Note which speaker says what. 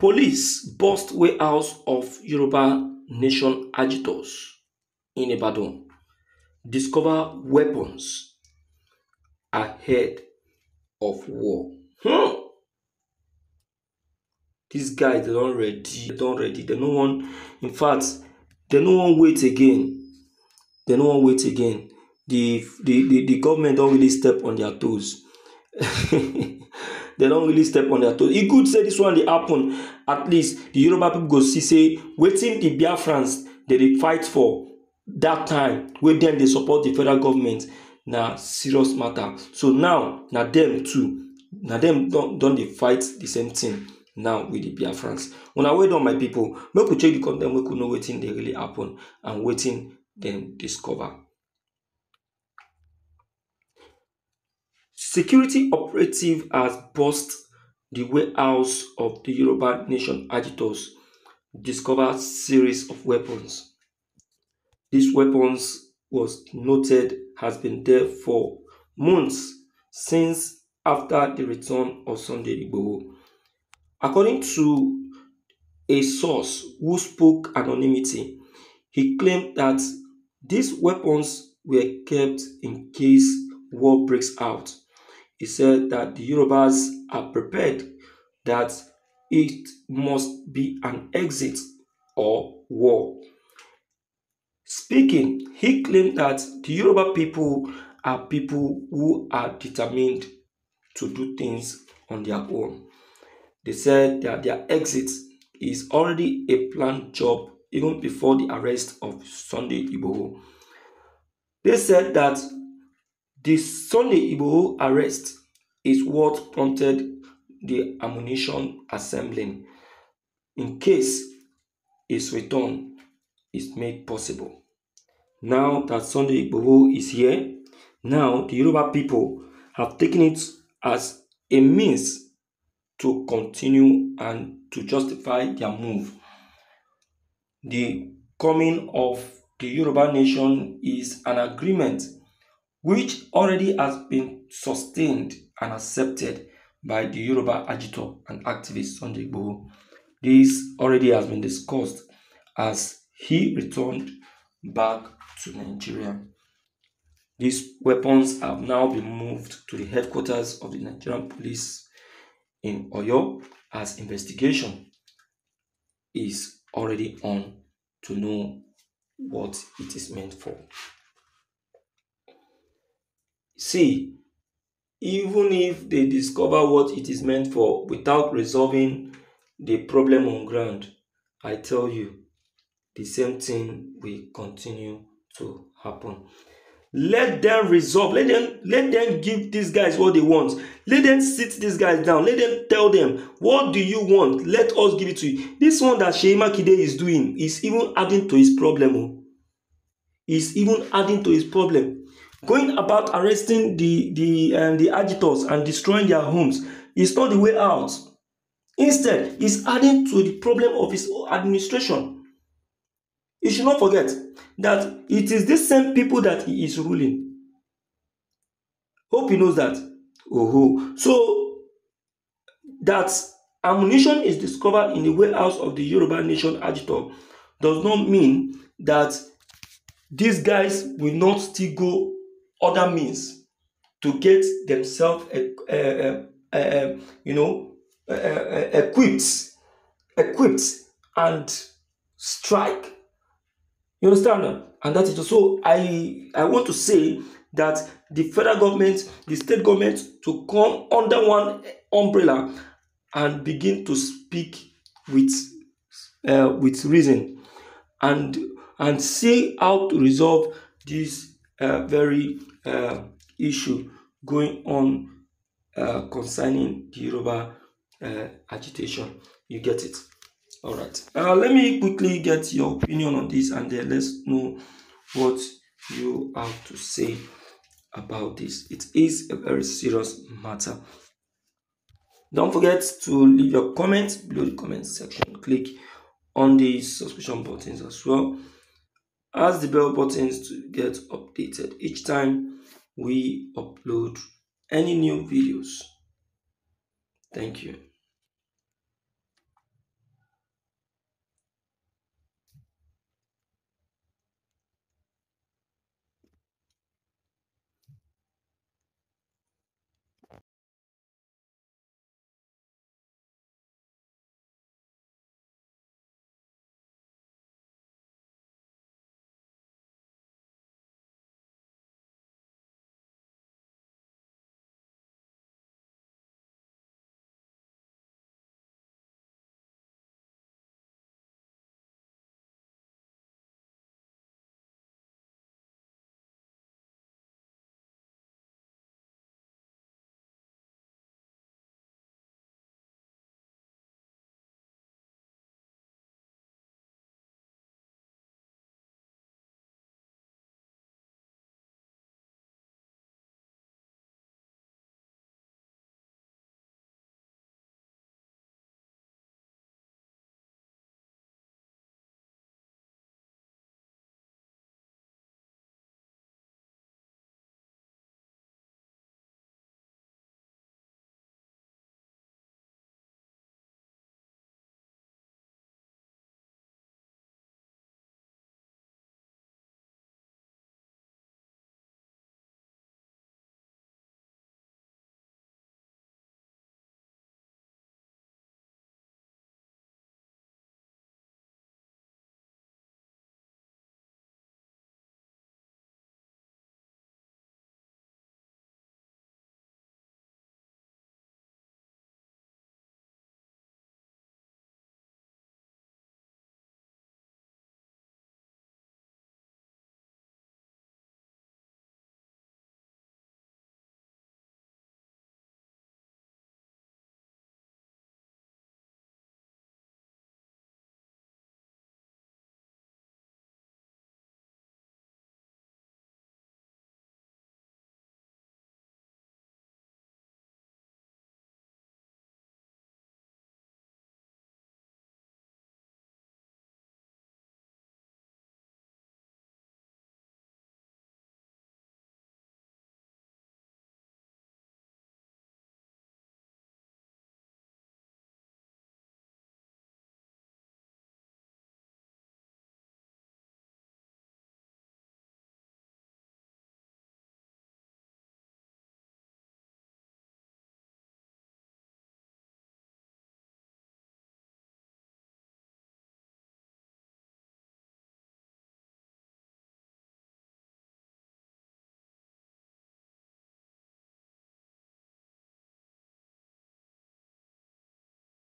Speaker 1: Police burst warehouse of Yoruba nation agitators in Ibadan, discover weapons ahead of war. Hmm. These guys they don ready, they don ready. They no one, in fact, they no one wait again. They no one wait again. The the the, the government don't really step on their toes. they don't really step on their toes e good say this one dey happen at least the yoruba people go see say wetin the biafrans dey dey fight for that time wey dem dey support the federal government na serious matter so now na dem too na dem don don dey fight the same thing now with the biafrans una well done my people make we check the con ten t make we know wetin dey really happen and wetin dem discover. Security operative has burst the warehouse of the Yoruba nation agitators, discovered series of weapons. These weapons was noted has been there for months since after the return of Sunday Igboho. According to a source who spoke anonymity, he claimed that these weapons were kept in case war breaks out He said that the Yorubas are prepared that it must be an exit or war. Speaking, he claimed that the Yoruba people are people who are determined to do things on their own. They said that their exit is already a planned job even before the arrest of Sunday Iboho. They said that The Sunday Igboho arrest is what prompted the ammunition assembling in case his return is made possible. Now that Sunday Igboho is here, now the Yoruba people have taken it as a means to continue and to justify their move. The coming of the Yoruba nation is an agreement which already has been sustained and accepted by the Yoruba agitator and activist Sunday Igboho. This already has been discussed as he returned back to Nigeria. These weapons have now been moved to the headquarters of the Nigerian police in Oyo as investigation is already on to know what it is meant for. See, even if they discover what it is meant for without resolving the problem on ground, I tell you, the same thing will continue to happen. Let them resolve. Let them let them give these guys what they want. Let them sit these guys down. Let them tell them what do you want. Let us give it to you. This one that Shema Kide is doing is even adding to his problem. Oh. Is even adding to his problem. Going about arresting the, the, um, the agitators and destroying their homes is not the way out. Instead, it's adding to the problem of his administration. You should not forget that it is the same people that he is ruling. Hope he knows that. Oh, so that ammunition is discovered in the warehouse of the Yoruba nation agitator does not mean that these guys will not still go other means to get themselves, uh, uh, you know, equipped, equipped and strike. You understand? And that is so. I I want to say that the federal government, the state government, to come under one umbrella and begin to speak with uh, with reason and and see how to resolve this uh, very uh, issue going on uh, concerning the Yoruba uh, agitation. You get it? All right. Uh, let me quickly get your opinion on this and then let's know what you have to say about this. It is a very serious matter. Don't forget to leave your comments below the comment section. Click on the subscription buttons as well. Ask the bell buttons to get updated each time we upload any new videos. Thank you.